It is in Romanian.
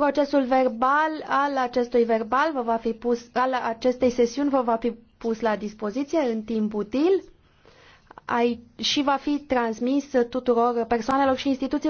Procesul verbal al acestui verbal vă va fi pus, al acestei sesiuni vă va fi pus la dispoziție în timp util ai, și va fi transmis tuturor persoanelor și instituțiilor